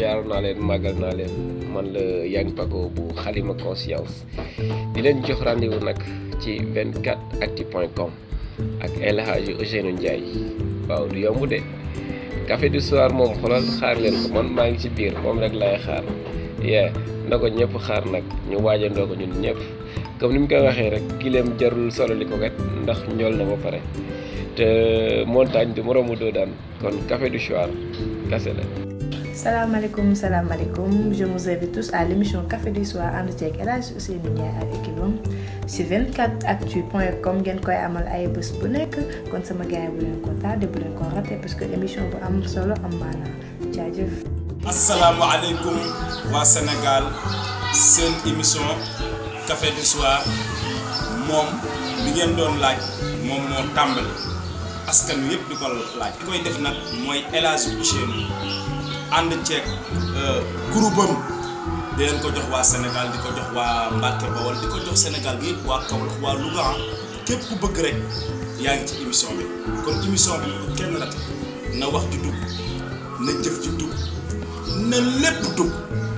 ziar naa leen màggal naa leen man la Yang Pago bu xalima conscience di leen jox rendez-vous nag ci 24actu point com ak El Hadji Ousseynou Ndiaye waaw du yomb de café du soir moom xoolal xaar leen ko man maa ngi ci biir moom rek laay xaar yee na ko ñëpp xaar nag ñu waajandoo ko ñun ñëpp comme ni mu koy waxee rek gileem jarul solo li ko wet ndax njool na ba pare te montagne du moroomu doo daan kon café du soir kase la salaamaaleykum salaamaaleykum je vous invite tous à l'émission Café du soir ànd ceeg El Hadj Ousseynou Ndiaye ak équipe am si 24 ngeen koy amal ay bés bu nekk kon sama gars yi bu leen ko tardé parce que émission bu am solo am maanaam jaajëf. asalaamualeykum waa Sénégal seen émission Café du soir moom li ngeen doon laaj moom moo tàmbali askan wi yëpp di ko laaj. koy def nag mooy El Hadj Ousseynou. ànd ceeg euh, groupam di leen ko jox waa Sénégal di ko jox waa Mbàkke Bawol di ko jox Sénégal bi yëpp waa Kaolack waa Louga képp ku bëgg rek yaa ngi ci émission bi kon émission bi ko kenn rek na wax ji dugg na jëf ji dugg na lépp dugg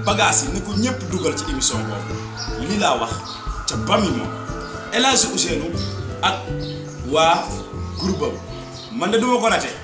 bagage yi ni ko ñëpp dugal ci émission boobu lii laa wax ca bami moom El Hadj ak waa groupam man de duma ko rate